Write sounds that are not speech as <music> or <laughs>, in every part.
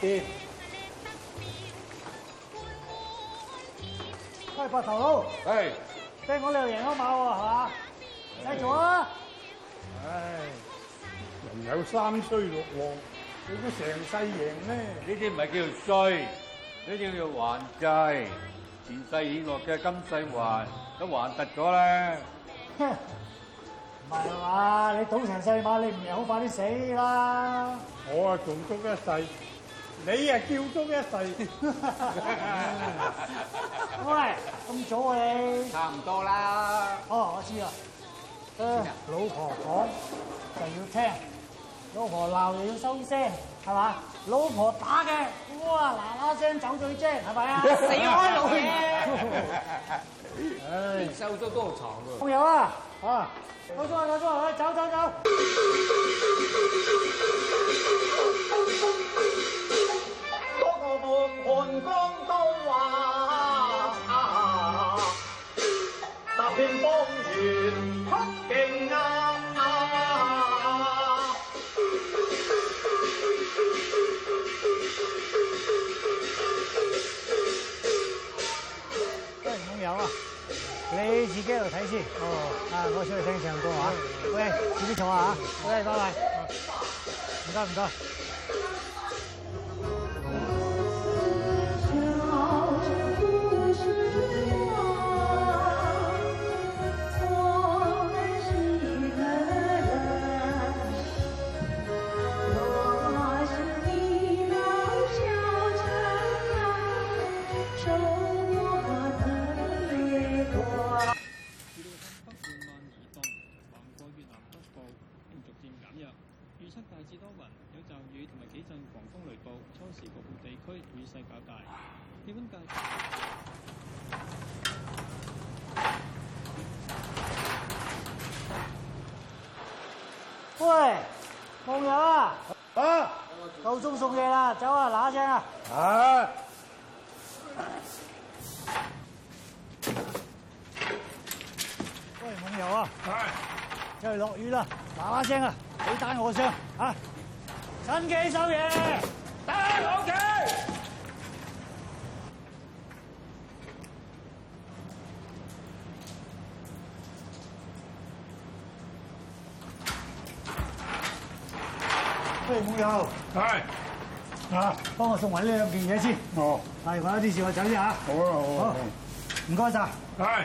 喂，白頭佬，哎，即係聽講你又贏咗馬喎，係嘛？繼續啊，哎，人有三衰六旺，你都成世贏咩？呢啲唔係叫做衰，呢啲叫做還債。前世欠落嘅今世還，都還得咗喇。唔係啊嘛？你賭成世馬，你唔贏好快啲死啦！我啊，窮足一世。你啊叫足一世，喂，咁早啊你？差唔多啦。哦，我知啦。老婆講就要聽，老婆鬧又要收聲，係嘛？老婆打嘅，哇嗱嗱聲走咗去啫，係咪啊？死開老嘢！唉，收咗多慘啊！朋友啊，啊，過咗過咗，走走走。看江都畫，踏遍風原出勁啊！真係冇有啊？你自己喺度睇先。哦，啊、哎，我出去聽唱歌啊。喂，自己坐下啊。喂，拜拜。唔該唔該。謝謝謝謝哎，木友，係，後啊，幫我送埋呢兩件嘢先。哦，係，我有啲事，我走先吓。好啊，好好、啊，唔該晒。係。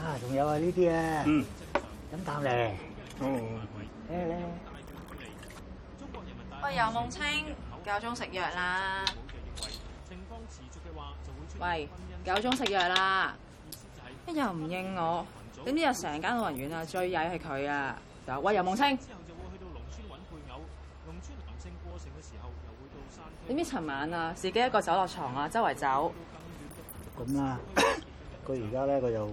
啊，仲有啊呢啲啊，嗯，飲啖嚟。你。喂，尤夢清，夠鐘食藥啦。喂，夠鐘食藥啦。又唔應我？點知又成間老人院啊？最曳係佢啊！喂，尤夢清。你知尋晚啊？自己一個走落床啊？周圍走？咁啦、啊，佢而家咧，佢又……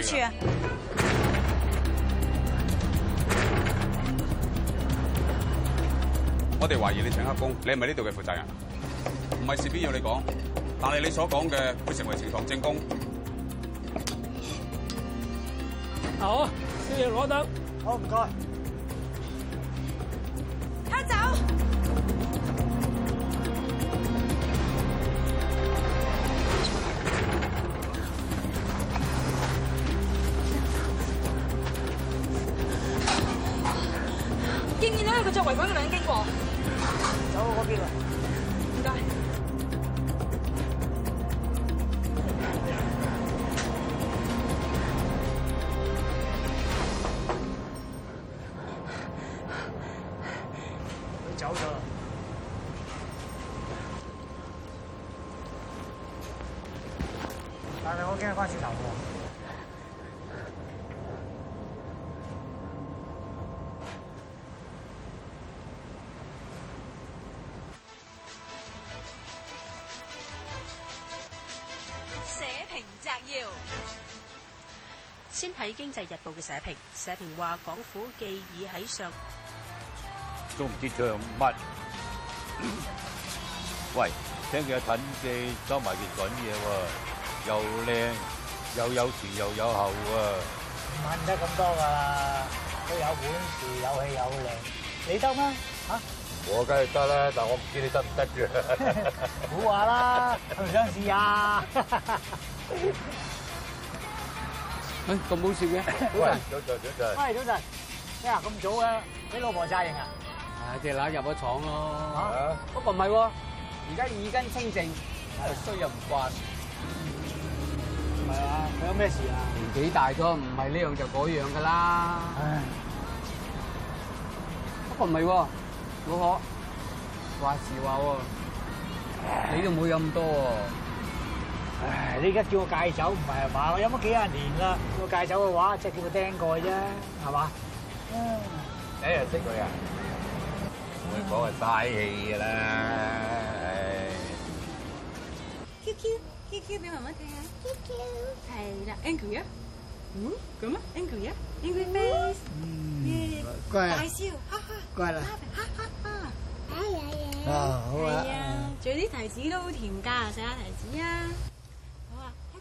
警署啊，我哋懷疑你請黑工，你係咪呢度嘅負責人？唔係事必要你講，但係你所講嘅會成為呈堂證供。好，宵夜攞得，好唔該。阿走。就圍女人經過，走嗰邊啦。《經濟日報》嘅社評，社評話港府既已喺上，都唔知唱乜。喂，聽日陳記收埋件滾嘢喎，又靚又有前又有後喎，唔問得咁多㗎。佢有本事有氣有力，你得咩？嚇？我梗係得啦，但係我唔知你得唔得嘅。好話啦，唔想試啊！哎，咁好笑嘅？早晨，早晨，早晨。喂，早晨，咩啊？咁早啊？你老婆炸型啊？唉，隻乸入咗廠咯。吓？不過唔係喎，而家耳根清淨，衰又唔慣。唔係啊？佢有咩事啊？年紀大咗，唔係呢樣就嗰樣噶啦。唉，不過唔係喎，老何，話時話喎，你都冇飲咁多。唉，你而家叫我戒酒唔係啊嘛，我飲咗幾廿年啦，叫我戒酒嘅話，即係叫個釘蓋啫，係嘛？嗯，你又識佢啊？我講係嘥氣噶啦。Q Q Q Q 俾媽媽睇下。Q Q，係啦，Angie 呀？嗯，咁啊，Angie 呀，Angie，嗯，乖啊，大笑，哈哈，乖啦，哈哈，哎呀呀，啊好啊，係啊，仲有啲提子都好甜噶，食下提子啊。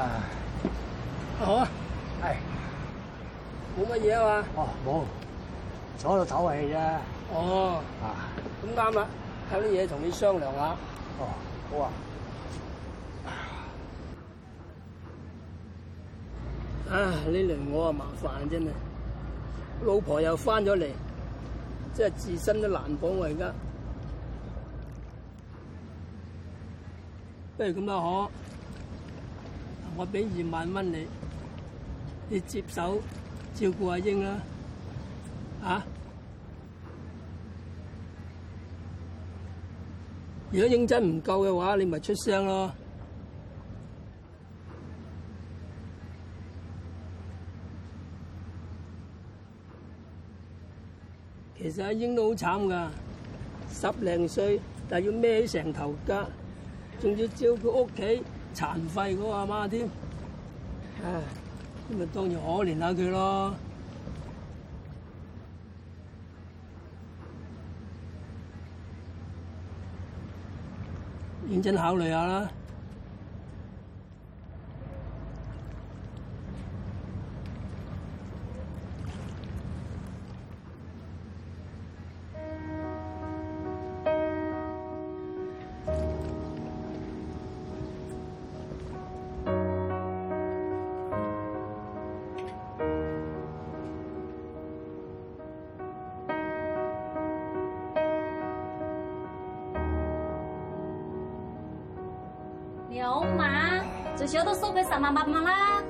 啊好啊，哎，冇乜嘢啊嘛。哦，冇、哎啊哦，坐喺度唞下氣咋。哦，啊，咁啱啦，有啲嘢同你商量下。哦，好啊。啊，呢輪我啊麻煩真係，老婆又翻咗嚟，即係自身都難保，啊，我而家不如咁啦，好。我俾二萬蚊你，你接手照顧阿英啦，啊！如果認真唔夠嘅話，你咪出聲咯。其實阿英都好慘噶，十零歲，但要孭起成頭家，仲要照顧屋企殘廢嗰個阿媽添，咁咪、啊、當然可憐下佢囉，認真考慮一下啦。我都收俾十萬八萬啦！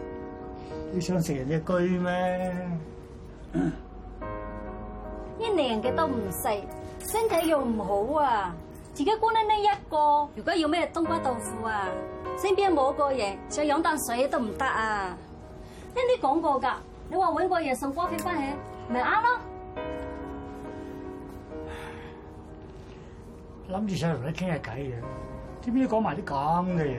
你想食人一居咩？一年嘅都唔食，身體又唔好啊！自己孤零零一個，如果要咩冬瓜豆腐啊，身邊冇個人，想飲啖水都唔得啊！啱啲講過噶，你話揾個嘢送咖啡翻去，咪啱咯？諗住上嚟同你傾下偈嘅，點知講埋啲咁嘅嘢？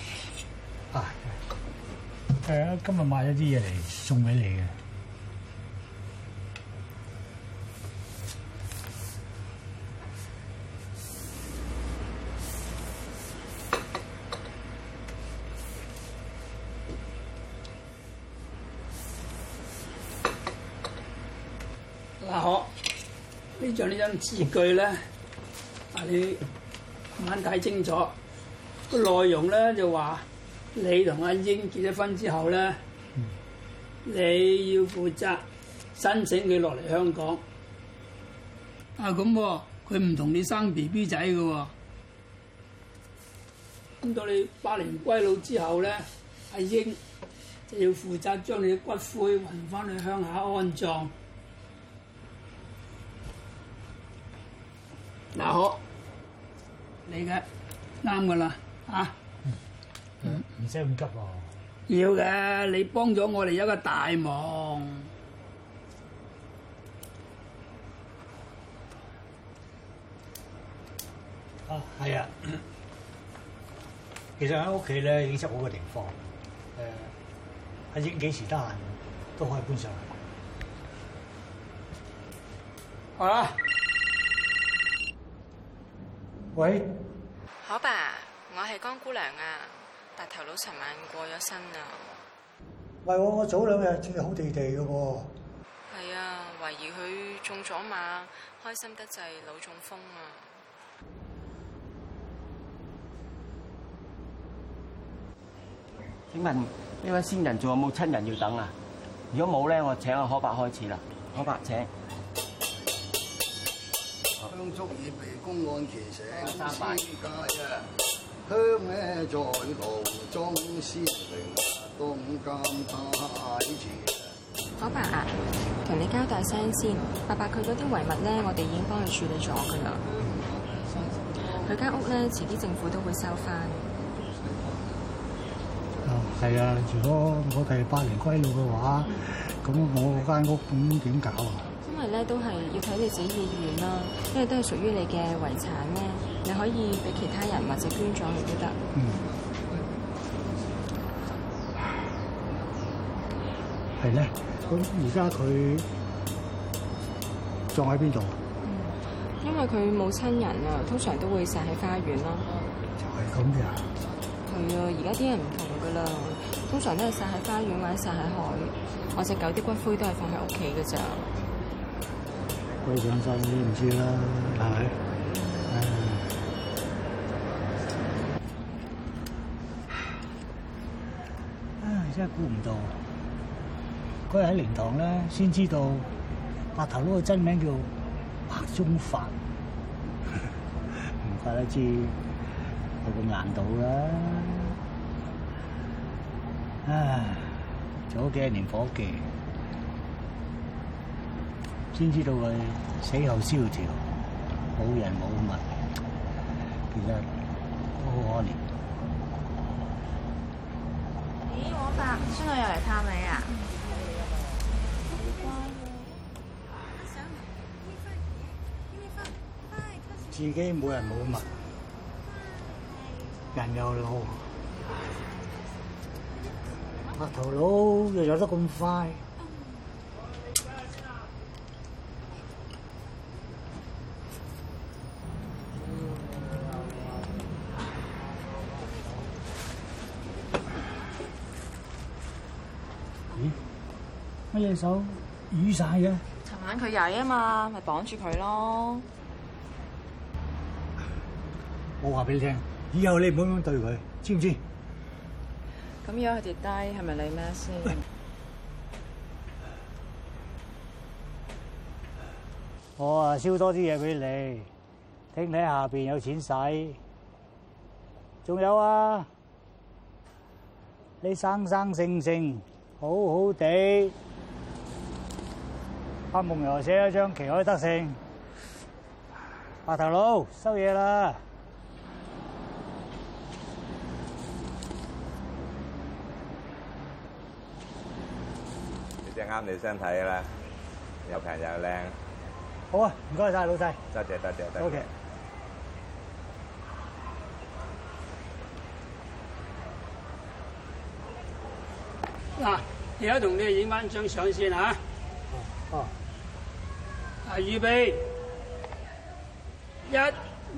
啊，誒，今日買咗啲嘢嚟送俾你嘅。嗱，可呢張呢張字據咧，啊，你慢慢睇清楚，個內容咧就話。你同阿英結咗婚之後咧，嗯、你要負責申請佢落嚟香港。啊，咁喎、啊，佢唔同你生 B B 仔㗎喎。咁到你百年歸老之後咧，阿英就要負責將你嘅骨灰運翻去鄉下安葬。嗱、嗯，好，你嘅啱㗎啦，啊。唔唔使咁急喎、啊！要嘅你幫咗我哋一個大忙啊！係啊， <coughs> 其實喺屋企咧已經執好個地方，誒，係應幾時得閒都可以搬上嚟。好啦、啊， <coughs> 喂，何伯，我係江姑娘啊。白頭佬尋晚過咗身啊，唔係我我早兩日真係好地地噶喎，係啊懷疑佢中咗馬，開心得滯腦中風啊！請問呢位先人仲有冇親人要等啊？如果冇咧，我請阿何伯開始啦，何伯請。香燭以被公安騎醒，三伯。好白啊，同你交代聲先，伯伯佢嗰啲遺物咧，我哋已經幫佢處理咗㗎喇。佢間、嗯嗯、屋咧，遲啲政府都會收返。哦、嗯，係、嗯、啊，如果我哋百年歸老嘅話，咁我間屋咁點搞啊？因為咧都係要睇你自己意願啦，因為都係屬於你嘅遺產咧。可以俾其他人或者捐咗佢都得。嗯。係咧、嗯，咁而家佢葬喺邊度？因為佢冇親人啦，通常都會晒喺花園啦。就係咁嘅？係啊，而家啲人唔同噶啦，通常都係晒喺花園或者晒喺海。我隻狗啲骨灰都係放喺屋企噶咋。歸上晒你唔知啦，係咪？嗯真係估唔到，嗰日喺靈堂咧，先知道白頭佬嘅真名叫白中發，唔 <laughs> 怪得知，冇咁難度啦、啊！唉，做咗幾年伙計，先知道佢死後蕭條，冇人冇物，其實好可憐。孫女又嚟探你啊！自己冇人冇物，人又老，哎，白頭佬又走得咁快。隻手瘀晒嘅，尋晚佢曳啊嘛，咪綁住佢咯。我話俾你聽，以後你唔好咁對佢，知唔知？咁樣佢跌低係咪你咩先？我啊燒多啲嘢俾你，聽你喺下邊有錢使，仲有啊，你生生性性好好地。黑夢又寫咗張旗開得勝，白頭佬收嘢啦！呢隻啱你身體啦，又平又靚。好啊，唔該晒老細。多謝多謝。OK。嗱，而家同你影翻張相先吓。哦哦。大預備，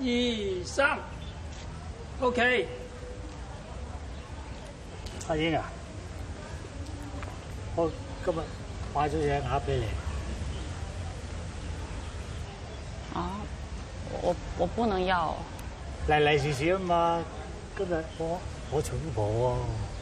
一、二、三，OK。阿英啊，我今日買咗隻鴨俾你。啊，我我不能要。嚟嚟試試啊嘛，今日我我請啊。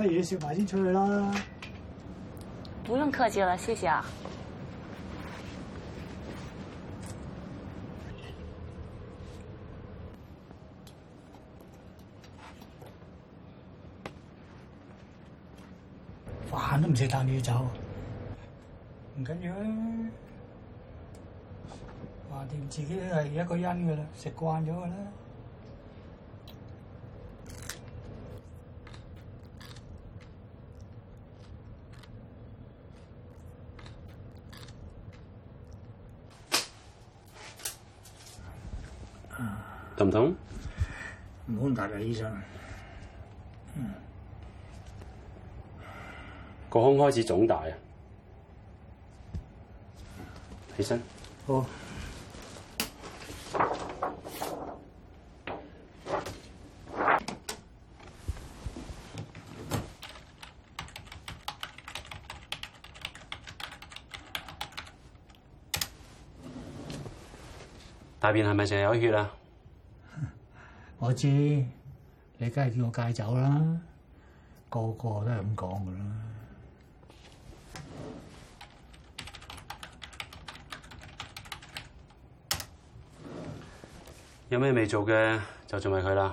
乜嘢？食埋先出去啦。不用客氣啦，謝謝啊。飯都唔食，帶你走唔緊要啦。話掂自己係一個人噶啦，食慣咗噶啦。痛唔痛？唔好咁大力，醫生。個胸開始腫大啊！起身。好。大便係咪淨係有血啊？我知，你梗係叫我戒酒啦，個個都係咁講噶啦。有咩未做嘅，就做埋佢喇。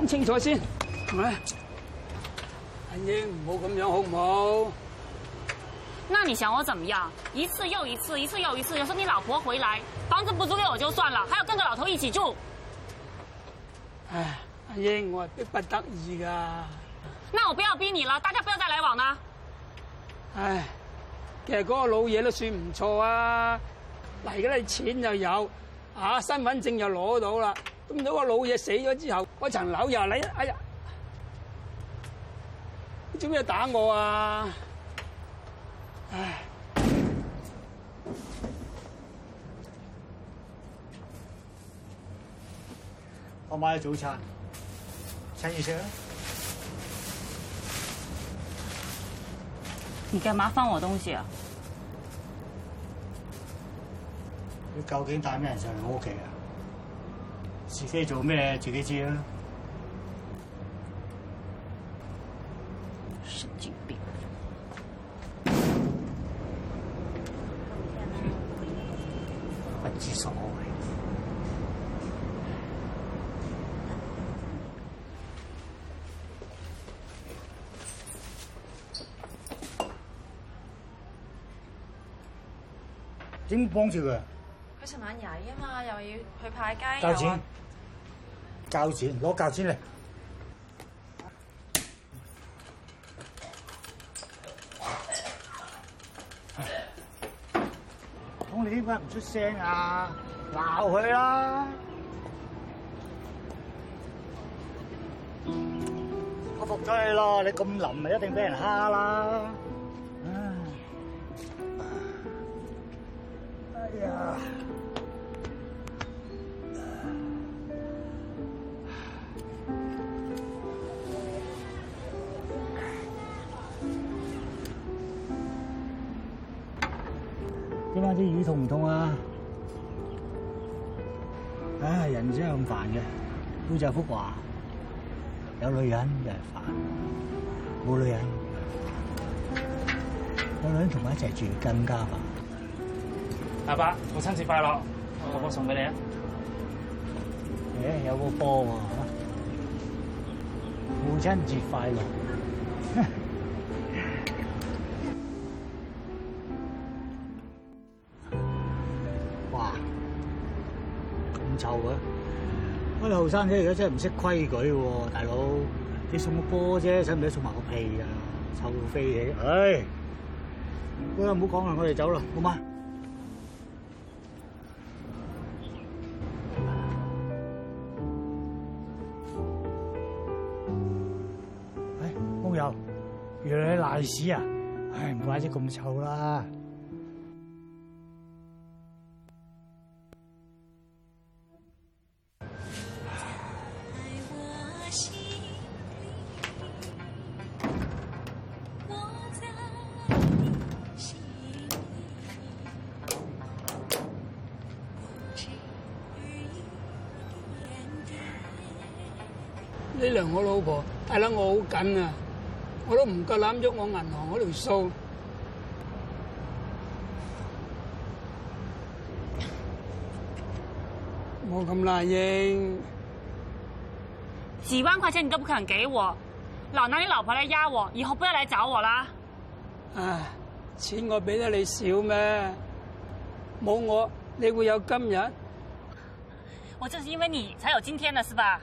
講清楚先，係咪？阿英，唔好咁樣好唔好？那你想我怎麼樣？一次又一次，一次又一次，又說你老婆回來，房子不租給我就算了，還要跟個老頭一起住。唉，阿英，我係逼不得已噶。那我不要逼你了，大家不要再來往啦。唉，其實嗰個老嘢都算唔錯啊，嚟緊你錢就有，啊，身份證又攞到啦。咁到個老嘢死咗之後，嗰層樓又嚟。哎呀！你做咩打我啊？哎！我買咗早餐，趁熱食呀，你幹嘛放我，我東西？你究竟帶咩人上去屋企啊？自己做咩？自己知啦。神經病，不知所謂。點幫住佢？佢尋晚曳啊嘛，又要去派街。錢交錢，攞交錢嚟。咁你點解唔出聲啊？鬧佢啦！我服氣咯，你咁林咪一定俾人蝦啦。哎呀！啲魚痛唔痛啊？唉、哎，人真係咁煩嘅，都就係幅畫，有女人就係煩，冇女人，有女人同我一齊住更加煩。爸爸，父親節快樂，我個送俾你啊！誒、哎，有個波喎、啊，父親節快樂。生姐而家真係唔識規矩喎，大佬！你送個波啫，使唔使送埋個屁啊？臭飛嘢！唉、哎，好、哎、啦，唔好講啦，我哋走啦，好嗎？唉、哎，工友，原來你瀨屎啊，唉、哎、唔怪嗌得咁臭啦。這輪我老婆，大佬我好緊啊，我都唔夠膽郁我銀行嗰條數，我咁難應。幾萬塊錢你都不肯給我，老拿你老婆來壓我，以後不要來找我啦。唉、啊，錢我俾得你少咩？冇我你會有今日？我就是因為你才有今天啦，是吧？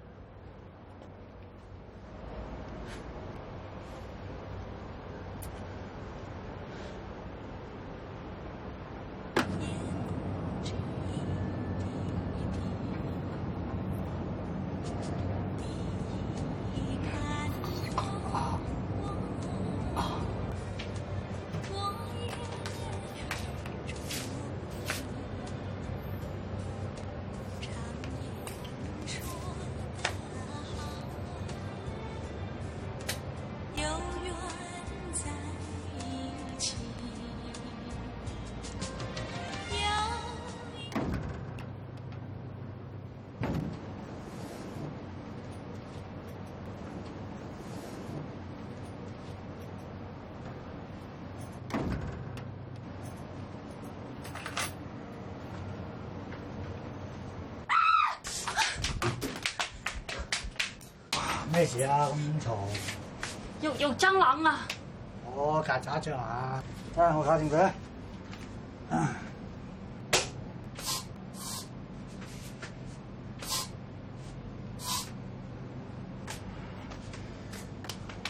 咩事啊？咁嘈！有有蟑螂啊！哦，曱甴啫嘛！得，我搞掂佢啦。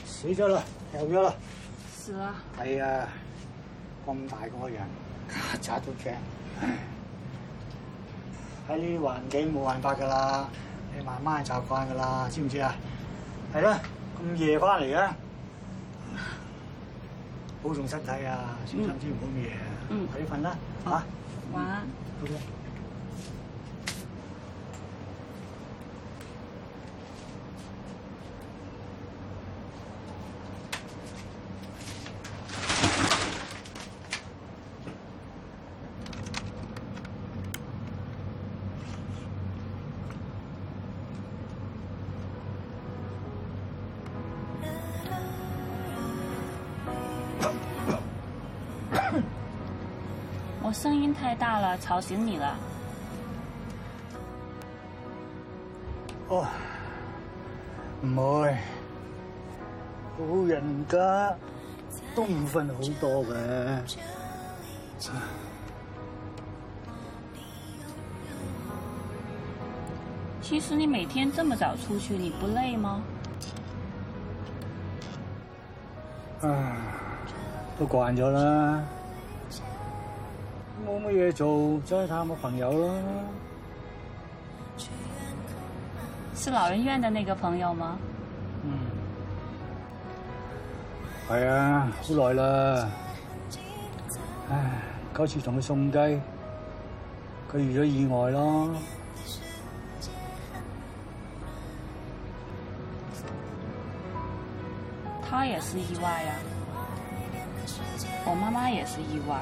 死咗啦，掉咗啦。死啦！係啊，咁大個人，曱甴都驚。喺呢啲環境冇辦法㗎啦，你慢慢習慣㗎啦，知唔知啊？係啦，咁夜返嚟啊，保重身體啊，小心啲唔好夜啊，嗯、你瞓啦嚇。晚安。好。聲音太大了，吵醒你了。哦，唔會，老人家都唔瞓好多嘅。其實你每天這麼早出去，你不累嗎？啊，都慣咗啦。就再探個朋友咯，是老人院的那個朋友嗎？嗯、係、哎、啊，好耐啦。唉、哎，嗰次同佢送雞，佢遇咗意外咯。他也是意外呀、啊，我媽媽也是意外。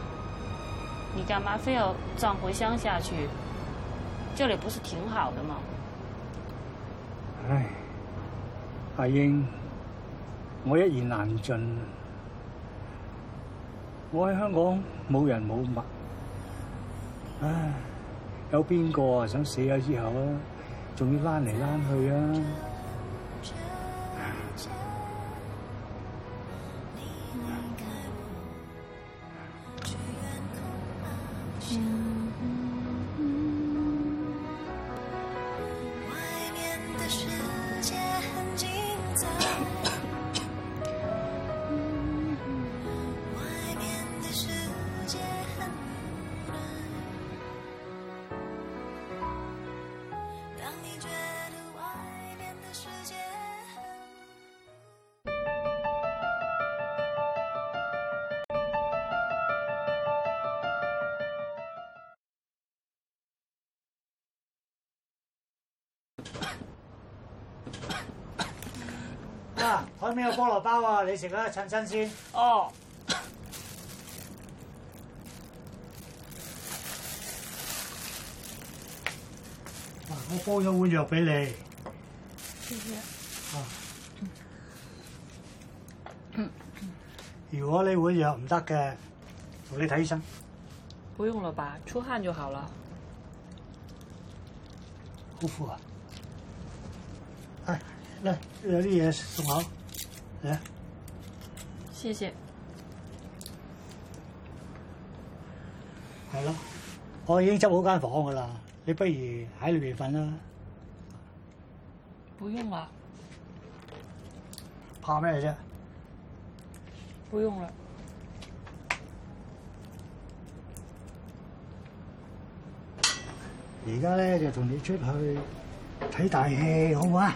你幹嘛非要葬回鄉下去？這裏不是挺好的嗎？唉，阿英，我一言難盡。我喺香港冇人冇物，唉，有邊個啊想死咗、啊、之後啊，仲要躝嚟躝去啊？台面有菠蘿包啊！你食啦，趁新鮮。哦。嗱，我煲咗碗藥俾你。藥。謝謝。啊。嗯、 <coughs> 如果碗藥不你碗藥唔得嘅，你睇醫生。不用啦，爸，出汗就好了。好苦，啊。嚟，有啲嘢送好，嚟。謝謝。係咯，我已經執好間房噶啦，你不如喺裏面瞓啦。不用啦。怕咩啫。不用啦。而家呢，就同你出去睇大戲，好唔好啊？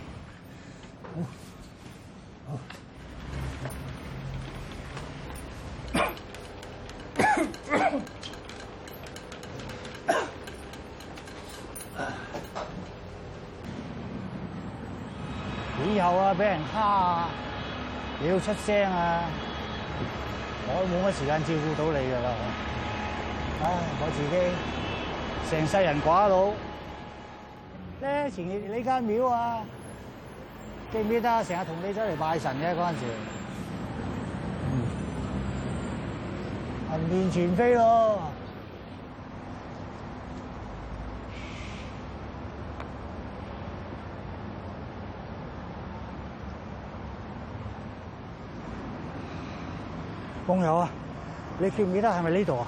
出聲啊！我冇乜時間照顧到你㗎啦，唉！我自己成世人寡佬咧、哎，前日呢間廟啊，記唔記得成日同你走嚟拜神嘅嗰陣時，面目全非咯～工友啊，你記唔記得係咪呢度啊？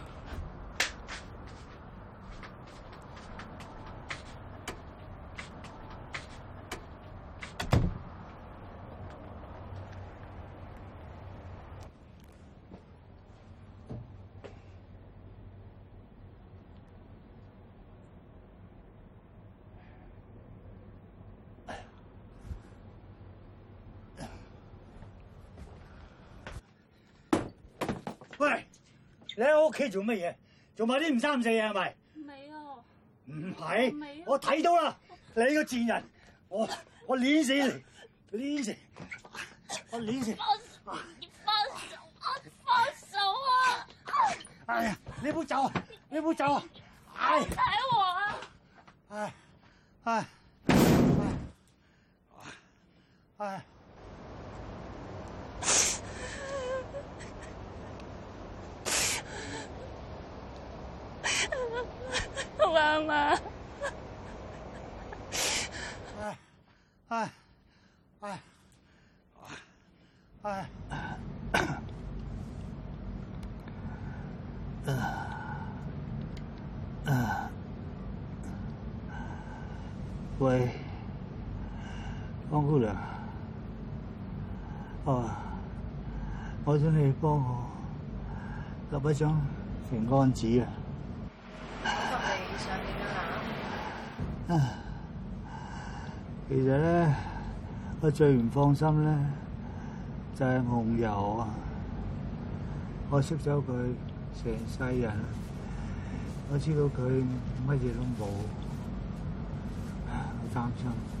屋企做乜嘢？做埋啲唔三唔四嘢係咪？唔啊！唔係是，我睇、啊、到啦！我你個賤人，我我碾死你！碾死，我碾死！你放手啊！哎、你放手你啊！哎呀，你唔好走啊！你唔好走啊！踩我！哎，哎，哎，哎。哎、啊啊啊，喂，方姑娘，哦、啊，我想你幫我立一張平安紙啊。立，你想點啊？其實呢，我最唔放心呢就係紅油啊！我識咗佢成世人，我知道佢乜嘢都冇，擔心。